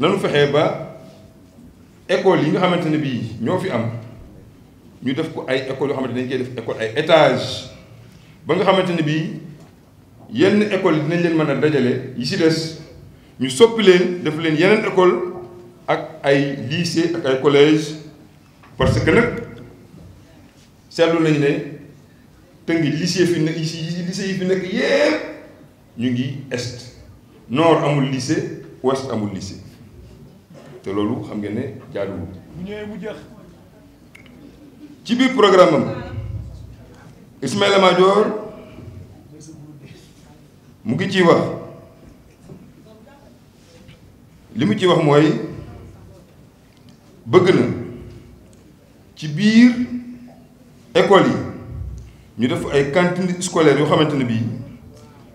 nanu fexee ba école yi nga xamante ne bii ñoo fi am ñu def ko ay école yoo xamante ne dañ koy def école ay étage ba nga xamante ne bii yenn école yi dinañ leen mën a dajale yi si des ñu soppi leen def leen yeneen école ak ay lycée ak ay collège parce que nag seetlu nañu ne tënk lycée fi nekk lycée yi fi nekk yépp ñu ngi est nord amul lycée ouest amul lycée te loolu xam ngeen ne jaaduwul. bu ñëwee mu jeex. ci biir programme am Ismaïla mu ngi ciy wax li mu ciy wax mooy bëgg na ci biir école yi ñu def ay cantines scolaires yoo xamante ne bii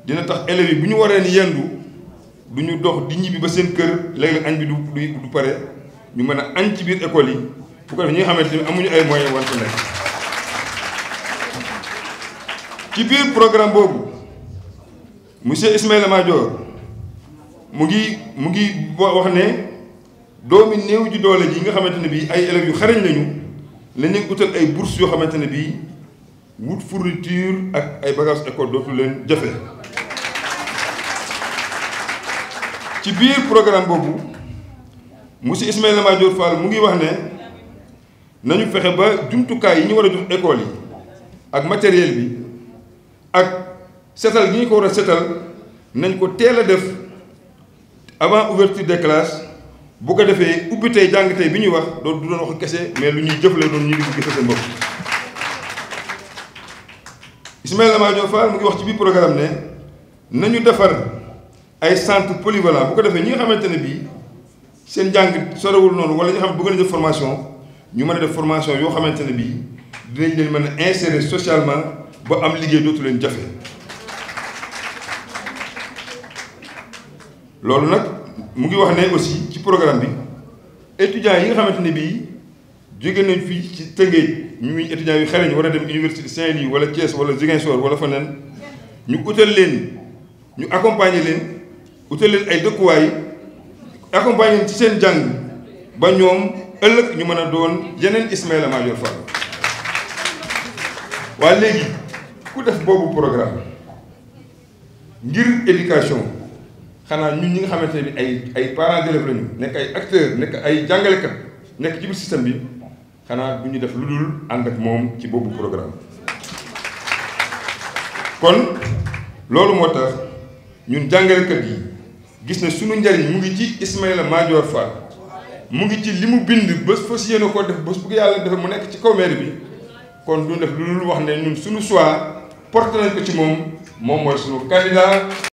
dina tax élèves yi bu ñu waree ni yendu. du ñu dox di ñibbi ba seen kër léeg-léeg añ bi du du pare ñu mën a añ ci biir école yi bu ko defee ñi nga xamante ni amuñu ay moyens wante nekk ci biir programme boobu monsieur Ismaïla Madior mu ngi mu ngi bo wax ne doomi néew ji doole ji nga xamante ne bii ay élèves yu xarañ lañu la ñu utal ay bourses yoo xamante ne bii wut fourniture ak ay bagages école dootu leen jafe. ci biir programme boobu monsieur Ismaïla Madior Fall mu ngi wax ne nañu fexe ba jumtukaay yi ñu war a jox école yi ak matériel bi ak setal gi ñu ko war a setal nañ ko teel a def avant ouverture des classes bu ko defee ubbi tey jàng tey bi ñu wax doon du doon wax kese mais lu ñuy jëfle doon ñu ngi gis seen bopp Ismaïla Madior Fall mu ngi wax ci biir programme ne nañu defar ay centre polyvalent bu ko defee ñi nga xamante ne bii seen jàng sorewul noonu wala ñi xam bëgg na def formation ñu mën a def formation yoo xamante ne bii dinañ leen mën a insérer socialement ba am liggéey dootu leen jafe loolu nag mu ngi wax ne aussi ci programme bi étudiants yi nga xamante ne bii jóge nañ fi ci Tëngéej ñu ngi étudiants yu xereñ war a dem université Saint-Louis wala Thiès wala Ziguinchor wala feneen ñu utal leen ñu accompagner leen. utal leen ay dëkkuwaay accompagner ci seen jàng ba ñoom ëllëg ñu mën a doon yeneen Ismaïla Madior Fall waaye léegi ku def boobu programme ngir éducation xanaa ñun ñi nga xamante ni ay ay parents d'élèves lañu nekk ay acteurs nekk ay jàngalekat nekk ci biir bi xanaa du ñu def lu dul ànd ak moom ci boobu programme kon loolu moo tax ñun jàngalekat yi. gis na sunu njariñ mu ngi ci Ismaïla Madior fa mu ngi ci li mu bind bës fas yéene koo def bés bugg yàlla defee mu nekk ci kaw bi kon du def lu dul wax ne ñun sunu choix porté nañ ko ci moom moom mooy sunu candidat.